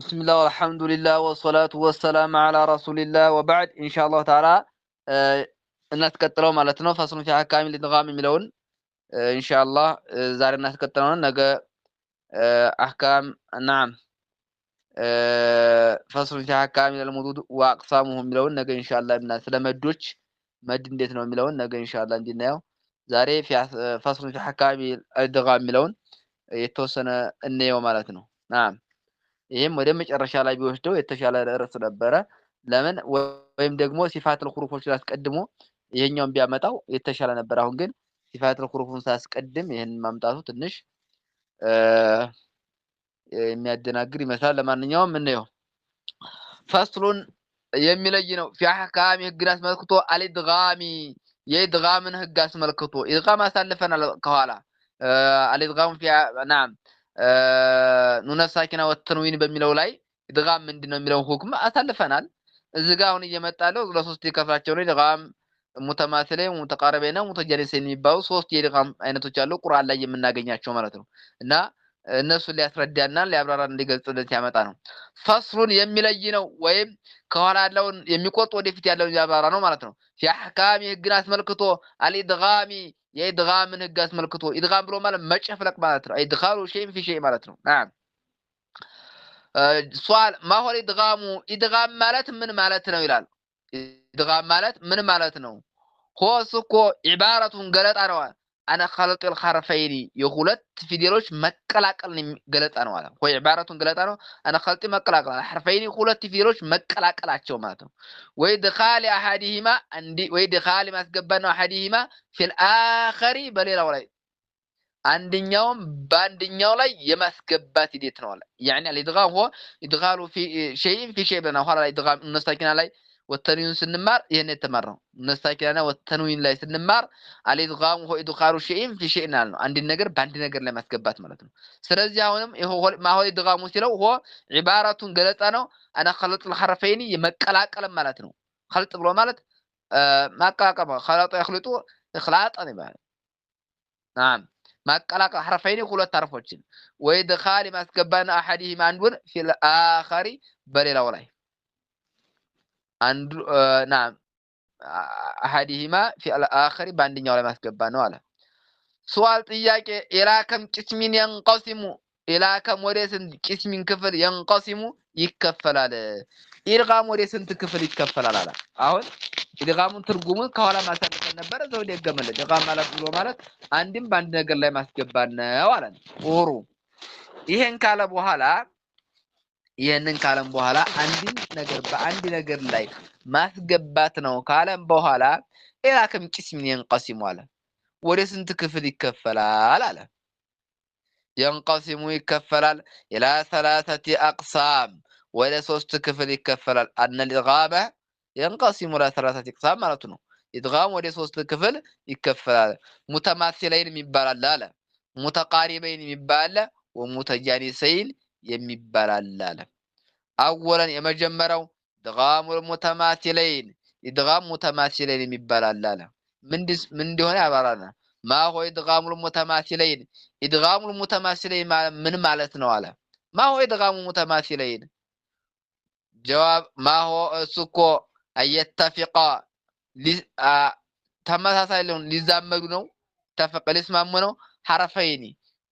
بسم الله والحمد لله والصلاة والسلام على رسول الله وبعد إن شاء الله تعالى الناس تكتلوا على فصلوا في حكامي لنغامي ملون إن شاء الله زاري الناس تكتلوا نقى أحكام نعم فصلوا في حكامي للمدود وأقسامهم ملون نقى إن شاء الله من سلام الدوج مدين ديتنا ملون نقى إن شاء الله ندينا زاري في فصل في حكامي لنغامي ملون يتوسنا النيو مالتنا نعم ይህም ወደ መጨረሻ ላይ ቢወስደው የተሻለ ርዕስ ነበረ። ለምን ወይም ደግሞ ሲፋትል ኩሩፎችን አስቀድሞ ይሄኛውን ቢያመጣው የተሻለ ነበር። አሁን ግን ሲፋትል ኩሩፉን ሳያስቀድም ይህን ማምጣቱ ትንሽ የሚያደናግር ይመስላል። ለማንኛውም ምንየው ፈስሉን የሚለይ ነው። ፊ አሕካሚ ህግን አስመልክቶ አልድጋሚ የኢድጋምን ህግ አስመልክቶ ኢድጋም አሳልፈናል ከኋላ አልድጋም ናም ኑነት ሳኪና ወተንዊን በሚለው ላይ ድጋም ምንድነው የሚለው ሁክም አሳልፈናል። እዚህ ጋር አሁን እየመጣለው ለሶስት ሊከፍላቸው ነው። ድጋም ሙተማስሌ፣ ሙተቃረቤና ሙተጃሊስ የሚባሉ ሶስት የድጋም አይነቶች አሉ ቁርአን ላይ የምናገኛቸው ማለት ነው እና እነሱን ሊያስረዳና ሊያብራራ እንዲገልጽለት ያመጣ ነው። ፈስሉን የሚለይ ነው ወይም ከኋላ ያለውን የሚቆርጥ ወደፊት ያለውን ያብራራ ነው ማለት ነው። ፊአሕካሚ ህግን አስመልክቶ አልኢድጋሚ የኢድጋምን ህግ አስመልክቶ ኢድጋም ብሎ ማለት መጨፍለቅ ማለት ነው። ኢድጋሉ ፊ ሸይ ማለት ነው። ሷል ማሆል ኢድጋሙ ኢድጋም ማለት ምን ማለት ነው ይላል። ኢድጋም ማለት ምን ማለት ነው? ሆስ እኮ ዒባረቱን ገለጣ ነዋል انا خلط الخرفين يغلط في ديروش مكلاكل غلط انا والا هو عباره غلط انا انا خلط مكلاكل الحرفين يغلط في ديروش مكلاكل اچو معناته ويدخال احدهما عندي ويدخال ما اسجبنا احدهما في الاخر بل لا ولا عندنياوم باندنياو لا يمسكبات ديت نوال يعني الادغام هو ادغال في شيء في شيء بنا هو الادغام نستكنا لا والتنوين سنمار يعني تمرن نستاكلنا والتنوين لا سنمار على إدغام هو إدخار شيء في شيء نالنا عند النجر بعند النجر لما سكبات مالتنا سرزي هونم هو ما هو إدغام سيلو هو عبارة قلت أنا أنا خلط الحرفين يمكلا كلام مالتنا خلط بلو مالت آه ما كلا كلام خلط يخلطوا إخلاط أنا بعد نعم ما كلا حرفين يقولوا تعرفوا وإدخال ما سكبان أحدهما عندون في الآخر بل لا ولاي አንዱ ና አሐዲሂማ ፊል በአንደኛው ላይ ማስገባ ነው አለ። ሱዋል ጥያቄ ኢላከም ቂስሚን የንቀሲሙ ኢላከም ወደ ስንት ቂስሚን ክፍል የንቀሲሙ ይከፈላል። ኢድጋም ወደ ስንት ክፍል ይከፈላል አለ። አሁን ኢድጋሙን ትርጉሙን ከኋላ ማሳለፈን ነበረ። ሰው ደገመለት። ኢድጋም ማለት ብሎ ማለት አንድም በአንድ ነገር ላይ ማስገባ ነው አለ። ጥሩ ይሄን ካለ በኋላ ይህንን ካለም በኋላ አንድን ነገር በአንድ ነገር ላይ ማስገባት ነው ካለም በኋላ ኢላ ከም ቅስምን የንቀሲሙ አለ። ወደ ስንት ክፍል ይከፈላል አለ። የንቀሲሙ ይከፈላል። ኢላ ሰላሰቲ አቅሳም ወደ ሶስት ክፍል ይከፈላል። አነ ልጋመ የንቀሲሙ ላ ሰላሰቲ አቅሳም ማለቱ ነው። ኢድጋም ወደ ሶስት ክፍል ይከፈላል። ሙተማሲለይን የሚባል አለ አለ ሙተቃሪበይን የሚባል አለ ወሙተጃኒሰይን የሚባላል አለ። አወለን የመጀመሪያው ድጋሙ ሙተማሲለይን ኢድጋም ሙተማሲለይን የሚባላል አለ። ምንድስ ምን እንደሆነ ያባራና ማሆ ኢድጋሙ ሙተማሲለይን ኢድጋሙ ሙተማሲለይን ምን ማለት ነው አለ። ማሆ ኢድጋሙ ሙተማሲለይን ጀዋብ ማሆ እሱ እኮ አየተፊቃ ተመሳሳይ ሊሆን ሊዛመዱ ነው ተፈቀ ሊስማሙ ነው ሐረፈይኒ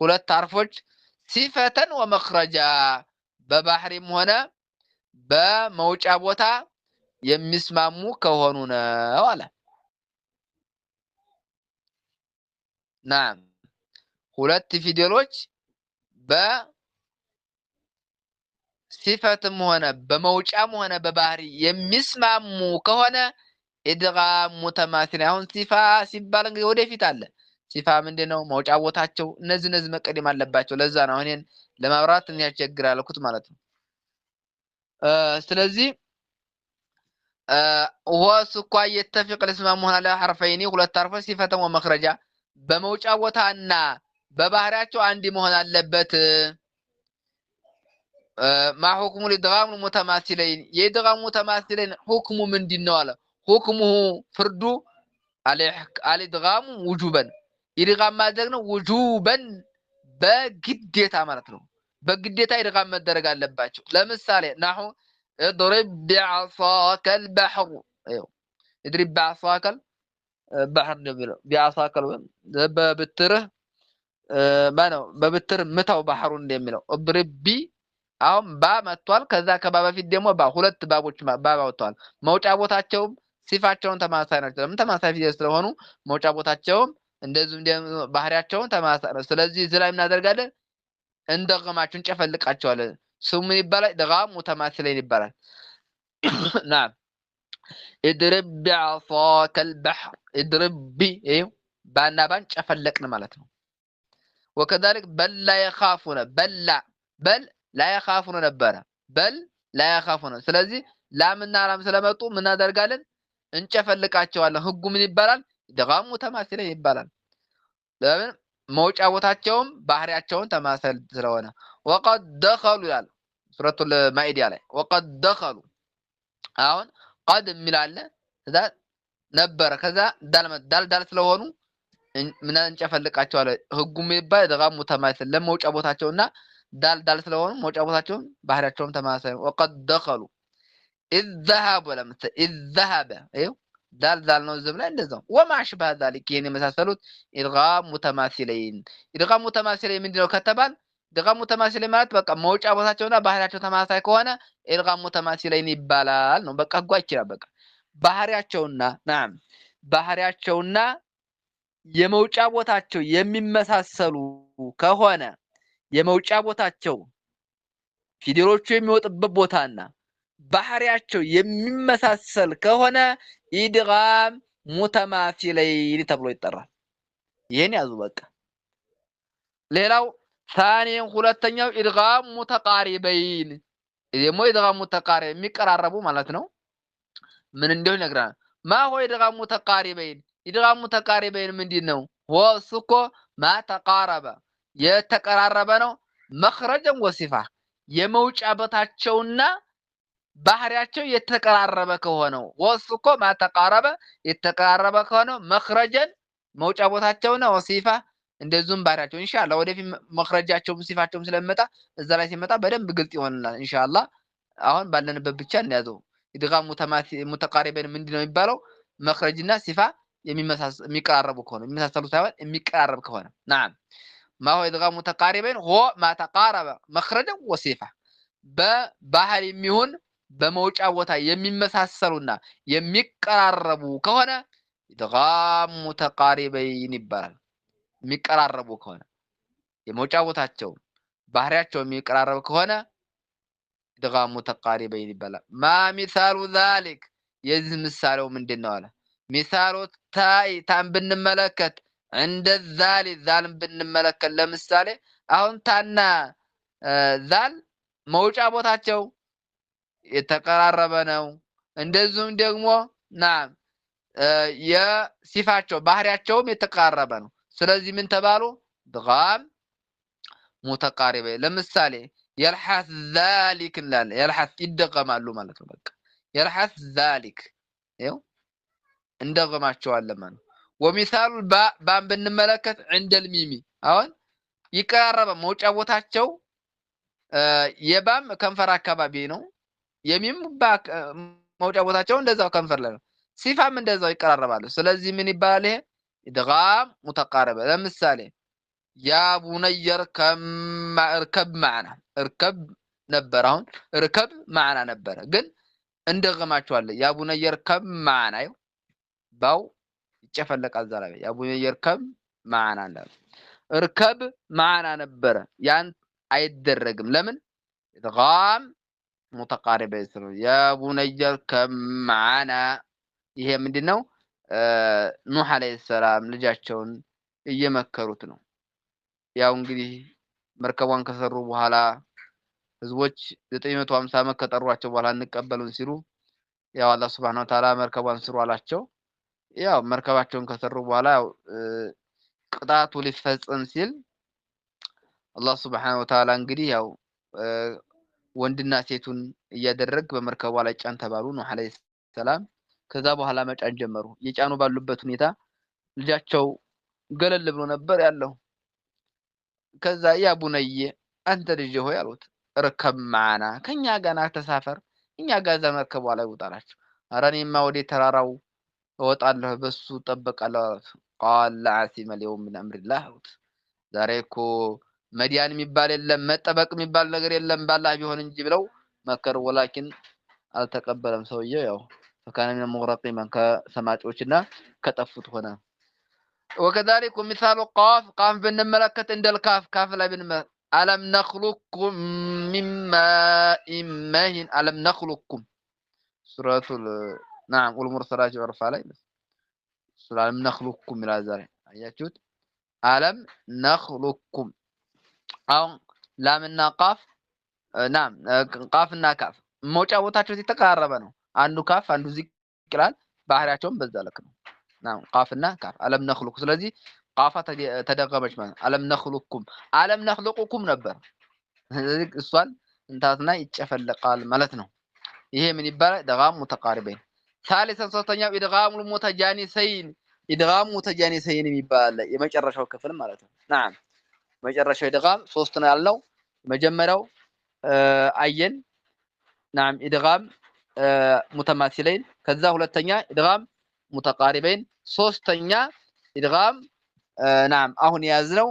ሁለት አርፎች ሲፈተን ወመክረጃ በባህሪም ሆነ በመውጫ ቦታ የሚስማሙ ከሆኑ ነው አለ። ናም ሁለት ፊደሎች በሲፈትም ሆነ በመውጫም ሆነ በባህሪ የሚስማሙ ከሆነ ኢድጋም ሙተማሲል። አሁን ሲፋ ሲባል እንግዲህ ወደፊት አለ ሲፋ ምንድን ነው መውጫ ቦታቸው እነዚህ እነዚህ መቀደም አለባቸው። ለዛ ነው እኔን ለማብራት ያስቸግር አልኩት ማለት ነው። ስለዚህ ወስኳ የተፊቅ ልስማ መሆን አለ ሐርፈይኒ ሁለት ሐርፎች ሲፈተን ወመክረጃ በመውጫ ቦታና በባህሪያቸው አንድ መሆን አለበት። ማ ሁክሙ ሊድጋሙ ሙተማሲለይን የድጋሙ ሙተማሲለይን ሁክሙ ምንድን ነው አለ። ሁክሙሁ ፍርዱ አልድጋሙ ውጁበን ኢድጋም ማድረግ ነው ውጁበን በግዴታ ማለት ነው። በግዴታ ኢድጋም መደረግ አለባቸው። ለምሳሌ ናሁ እድሪብ ቢዓሳከል ባህሩ ይው እድሪብ ቢዓሳከል ባህር ነው ቢዓሳከል በብትርህ ማነው በብትር ምታው ባህሩ እንደሚለው እድሪብ ቢ አሁን ባ መጥቷል። ከዛ ከባ በፊት ደግሞ ባ ሁለት ባቦች ባ ወጥተዋል። መውጫ ቦታቸውም ሲፋቸውን ተማሳይ ናቸው። ለምን ተማሳይ ፊደል ስለሆኑ መውጫ ቦታቸውም እንደዚሁም ባህሪያቸውን ተማሳ ነው። ስለዚህ እዚህ ላይ እናደርጋለን እንደገማችሁ እንጨፈልቃቸዋለን። ስሙ ይባላል? ድጋም ሙተማሲለይን ይባላል። ናም ኢድሪብ ቢዓሳከ አልበሕር ኢድሪብ ቢ ባና ባን ጨፈለቅን ማለት ነው። ወከዛሊክ በል ላይኻፉነ በላ በል ላይኻፉነ ነበረ በል ላይኻፉነ። ስለዚህ ላምና ላም ስለመጡ ምን እናደርጋለን? እንጨፈልቃቸዋለን። ህጉ ምን ይባላል? ድቃሙ ተማሲለ ይባላል። ለምን መውጫ ቦታቸውም ባህሪያቸውን ተማሰል ስለሆነ ወቀድ ደኸሉ ይላል ሱረቱል ማኢዳ ላይ ወቀድ ደኸሉ። አሁን ቀድ የሚላለ እዛ ነበረ ከዛ ዳልዳል ስለሆኑ ምን እንጨፈልቃቸው አለ ህጉም ይባል ድቃሙ ተማሲል ለመውጫ ቦታቸውና ዳል ስለሆኑ መውጫ ቦታቸውን ባህሪያቸውም ተማሰል ወቀድ ደኸሉ ኢዘሃቡ ለምሳሌ ኢዘሃበ ይኸው ዛልዛል ነው። ዝም ላይ እንደዛው ወማሽ ባህዛሊክ ይህን የመሳሰሉት ኢድጋም ሙተማሲለይን። ኢድጋም ሙተማሲለይን ምንድነው ከተባል ኢድጋም ሙተማሲለይን ማለት በቃ መውጫ ቦታቸውና ባህሪያቸው ተመሳሳይ ከሆነ ኢድጋም ሙተማሲለይን ይባላል ነው። በቃ ጓ ይችላል። በቃ ባህሪያቸውና ናም ባህሪያቸውና የመውጫ ቦታቸው የሚመሳሰሉ ከሆነ የመውጫ ቦታቸው ፊደሎቹ የሚወጡበት ቦታና ባህሪያቸው የሚመሳሰል ከሆነ ኢድጋም ሙተማሲለይን ተብሎ ይጠራል። ይህን ያዙ። በቃ ሌላው ታኔን ሁለተኛው ኢድጋም ሙተቃሪበይን ደግሞ ኢድጋም ሙተቃሪ የሚቀራረቡ ማለት ነው። ምን እንደው ይነግራል። ማ ሆ ኢድጋም ሙተቃሪበይን ኢድጋም ሙተቃሪበይን ምንድን ነው? ሆ ስኮ ማ ተቃረበ የተቀራረበ ነው። መክረጀን ወሲፋ የመውጫ ቦታቸውና ባህሪያቸው የተቀራረበ ከሆነው ወስ እኮ ማተቃረበ የተቀራረበ ከሆነው መክረጀን መውጫ ቦታቸው ነው ሲፋ እንደዚሁም ባህሪያቸው እንሻላ ወደፊት መክረጃቸውም ሲፋቸውም ስለመጣ እዛ ላይ ሲመጣ በደንብ ግልጽ ይሆንላል እንሻላ አሁን ባለንበት ብቻ እንያዘው። ኢድጋም ሙተቃሪበን ምንድን ነው የሚባለው? መክረጅና ሲፋ የሚቀራረቡ ከሆነ የሚመሳሰሉ ሳይሆን የሚቀራረብ ከሆነ ናም ማሆ ኢድጋም ሙተቃሪበን ሆ ማተቃረበ መክረጀን ወሲፋ በባህል የሚሆን በመውጫ ቦታ የሚመሳሰሉና የሚቀራረቡ ከሆነ ኢድጋም ሙተቃሪበይን ይባላል። የሚቀራረቡ ከሆነ የመውጫ ቦታቸው ባህሪያቸው የሚቀራረብ ከሆነ ኢድጋም ሙተቃሪበይን ይባላል። ማ ሚሳሉ ዛሊክ የዚህ ምሳሌው ምንድን ነው አለ። ሚሳሉ ታይ ታን ብንመለከት እንደ ዛሊ ዛልን ብንመለከት ለምሳሌ አሁን ታና ዛል መውጫ ቦታቸው የተቀራረበ ነው። እንደዚሁም ደግሞ ና የሲፋቸው ባህሪያቸውም የተቀራረበ ነው። ስለዚህ ምን ተባሉ? ድጋም ሙተቃሪበ። ለምሳሌ የልሐት ዛሊክ እንላለን። የልሐት ይደገማሉ ማለት ነው። በቃ የልሐት ዛሊክ ይኸው እንደገማቸዋለን ማለት ነው። ወሚሳሉ ባን ብንመለከት ዕንደል ሚሚ አሁን ይቀራረበ መውጫ ቦታቸው የባም ከንፈር አካባቢ ነው። የሚም መውጫ ቦታቸው እንደዛው ከንፈር ላይ ነው። ሲፋም እንደዛው ይቀራረባሉ። ስለዚህ ምን ይባላል? ይሄ ኢድጋም ሙተቃረበ። ለምሳሌ ያ ቡነየ እርከብ ማዕና እርከብ ነበር። አሁን እርከብ ማዕና ነበረ፣ ግን እንደግማቸዋለን። ያ ቡነየ እርከብ ማዕና ይው ባው ይጨፈለቃል። ዛላ ያ ቡነየ እርከብ ማዕና እንዳሉ እርከብ ማዕና ነበረ። ያን አይደረግም። ለምን ኢድጋም ሙተቃሪበ ስሩ የቡነየር ከም መዓና ይሄ ምንድን ነው? ኑህ አለይሂ ሰላም ልጃቸውን እየመከሩት ነው። ያው እንግዲህ መርከቧን ከሰሩ በኋላ ህዝቦች 950 ዓመት ከጠሯቸው በኋላ እንቀበሉን ሲሉ ያው አላህ ሱብሃነሁ ወተዓላ መርከቧን ስሩ አላቸው። ያው መርከባቸውን ከሰሩ በኋላ ያው ቅጣቱ ሊፈጽም ሲል አላህ ሱብሃነሁ ወተዓላ እንግዲህ ያው ወንድና ሴቱን እያደረግ በመርከቧ ላይ ጫን ተባሉ ኑህ ዓለይሂ ሰላም። ከዛ በኋላ መጫን ጀመሩ። የጫኑ ባሉበት ሁኔታ ልጃቸው ገለል ብሎ ነበር ያለው። ከዛ ያ ቡነየ አንተ ልጅ ሆይ አሉት፣ ርከብ ማና ከኛ ጋና ተሳፈር፣ እኛ ጋር ጋዛ መርከቧ ላይ ውጣላቸው። ኧረ እኔማ ወደ ተራራው እወጣለሁ፣ በሱ እጠበቃለሁ አሉት። ቃል ለዓሲመ ልየውም ምን አምሪላህ አሉት። ዛሬ እኮ مديان مبالي يلم متبق ميبال نغير يلم بالله بيهون انجي بلو مكر ولكن التقبلم سويه يو فكان من المغرقين من كسمات وشنا كتفوت هنا وكذلك مثال قاف قاف بن ملكت عند الكاف كاف لا بن ألم نخلقكم من ماء مهين ألم نخلقكم سورة نعم والمرسلات يعرف علي بس سورة ألم نخلقكم من الأزرع أيها ألم نخلقكم አሁን ላምና ቃፍ ናም ቃፍና ካፍ መውጫ ቦታቸው የተቀራረበ ነው። አንዱ ካፍ አንዱ ዚቅ ይላል። ባህሪያቸውም በዛ ልክ ነው። ናም ቃፍና ካፍ አለም ነኽሉኩ። ስለዚህ ቃፋ ተደገመች ማለት አለም ነኽሉኩም አለም ነኽሉቁኩም ነበር። ስለዚህ እሷን እንታትና ይጨፈለቃል ማለት ነው። ይሄ ምን ይባላል? ኢድጋም ሙተቃሪበይን። ሳሊሰን ሶስተኛው ኢድጋሙል ሙተጃኒሰይን ኢድጋም ሙተጃኒሰይን ይባላል። የመጨረሻው ክፍል ማለት ነው። ናም መጨረሻው ኢድጋም ሶስት ነው ያለው። መጀመሪያው አየን ናም ኢድጋም ሙተማሲለይን፣ ከዛ ሁለተኛ ኢድጋም ሙተቃሪበይን፣ ሶስተኛ ኢድጋም ናም አሁን የያዝነው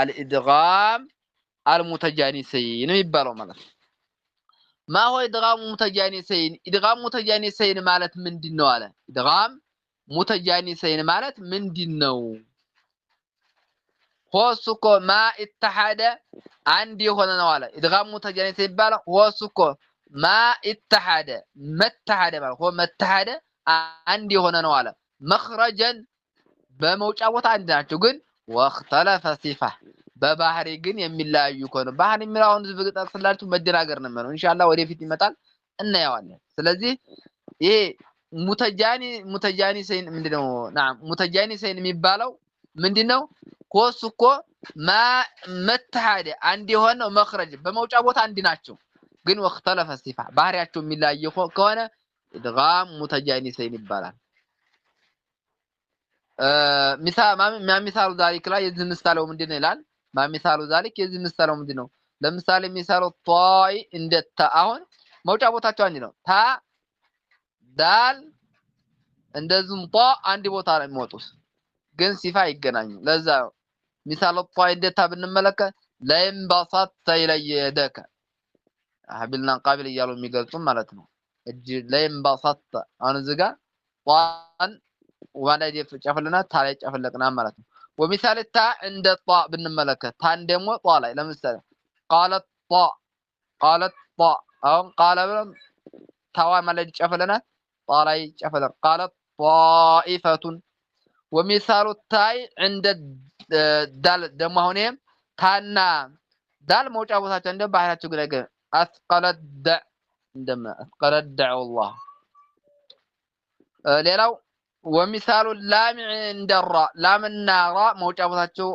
አልኢድጋም አልሙተጃኒሰይን የሚባለው ማለት ነው። ማሆ ኢድጋሙ ሙተጃኒሰይን፣ ኢድጋም ሙተጃኒሰይን ማለት ምንድን ነው አለ። ኢድጋም ሙተጃኒሰይን ማለት ምንድን ነው? ሆሱኮ ማ ኢተሓደ አንድ የሆነ ነው አለ። ኢድጋሙ ተጀኔት ይባላል። ሆሱኮ ማ ኢተሓደ መተሓደ ማለት ሆ መተሓደ አንድ የሆነ ነው አለ። መኽረጀን በመውጫ ቦታ አንድ ናቸው፣ ግን ወክተለፈ ሲፋ በባህሪ ግን የሚለያዩ ከሆነ ባህሪ የሚለው አሁን ዝብ ጠቅስላችሁ መደናገር ነው የሚሆነው። ኢንሻአላህ ወደፊት ይመጣል እናየዋለን። ስለዚህ ይሄ ሙተጃኒ ሙተጃኒ ሰይን ምንድነው? ሙተጃኒ ሰይን የሚባለው ምንድነው? ኮስ እኮ መተሃደ አንድ የሆነ መክረጅ በመውጫ ቦታ አንድ ናቸው፣ ግን ወክተለፈ ሲፋ ባህሪያቸው የሚለያየ ከሆነ ኢድጋም ሙተጃኒሰይን ይባላል። ማሚሳሉ ዛሊክ ላይ የዚህ ምሳሌው ምንድን ነው ይላል። ማሚሳሉ ዛሊክ የዚህ ምሳሌው ምንድን ነው? ለምሳሌ ሚሳሉ ጧይ እንደ ታ፣ አሁን መውጫ ቦታቸው አንድ ነው። ታ ዳል እንደዚሁም ጧ አንድ ቦታ ነው የሚወጡት፣ ግን ሲፋ ይገናኙ። ለዛ ነው ሚሳል ጧይዴታ ብንመለከት ላይም ባሳት ተይለየ የደከ ሀቢልና ቃቢል እያሉ የሚገልጹም ማለት ነው። እጅ ላይም አሁን እዚህ ጋር ጧን ወላይ ጨፍልና ታ ላይ ጨፍለቅና ማለት ነው። ወሚሳል ታ እንደ ጧ ብንመለከት ታን ደግሞ ጧ ላይ ለምሳሌ ቃለት ጧ ቃለት ጧ አሁን ቃለ ብለን ታዋ ማለት ጨፍለና ጧ ላይ ጨፍለ ቃለት ጧኢፈቱን ወሚሳሉ ታይ እንደ ዳል ደግሞ አሁን ታና ዳል መውጫ ቦታቸው እንደ ባህራቸው ነገር አስቀለደ እንደማ አስቀለደ አላህ ሌላው ወሚሳሉ ላም እንደራ ላምና ራ መውጫ ቦታቸው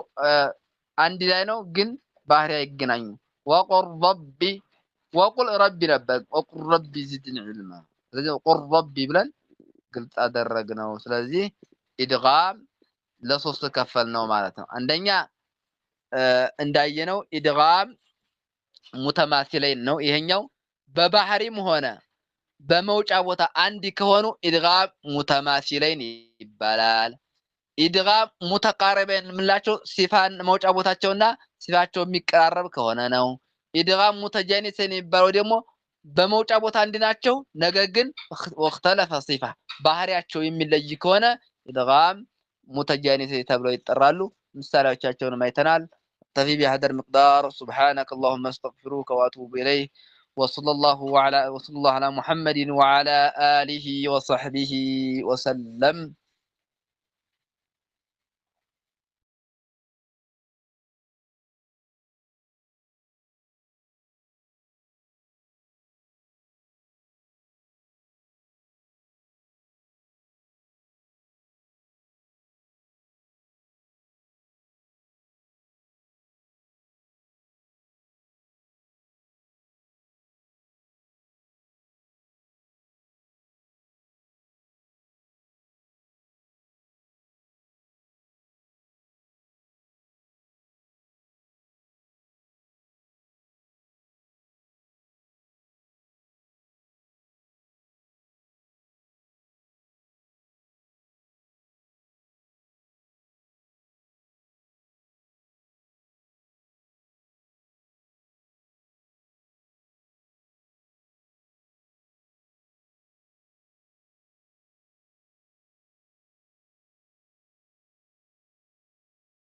አንድ ላይ ነው፣ ግን ባህሪ አይገናኙ። ወቁል ረቢ ወቁል ረቢ ነበር። ወቁል ረቢ ዝድን ዒልማ። ስለዚህ ቁል ረቢ ብለን ግልጽ አደረግነው። ስለዚህ ኢድጋም ለሶስት ከፈል ነው ማለት ነው። አንደኛ እንዳየነው ኢድጋም ሙተማሲለይን ነው ይሄኛው። በባህሪም ሆነ በመውጫ ቦታ አንድ ከሆኑ ኢድጋም ሙተማሲለይን ይባላል። ኢድጋም ሙተቃረበን የምንላቸው ሲፋን መውጫ ቦታቸውና ሲፋቸው የሚቀራረብ ከሆነ ነው። ኢድጋም ሙተጃኒሰን የሚባለው ደግሞ በመውጫ ቦታ አንድ ናቸው፣ ነገር ግን ወክተለፈ ሲፋ ባህሪያቸው የሚለይ ከሆነ ኢድጋም متجانس تابلو يترالو مستعلى تشاتون ميتنال تفي بهذا المقدار سبحانك اللهم استغفروك واتوب اليه وصلى الله على وصلى الله على محمد وعلى اله وصحبه وسلم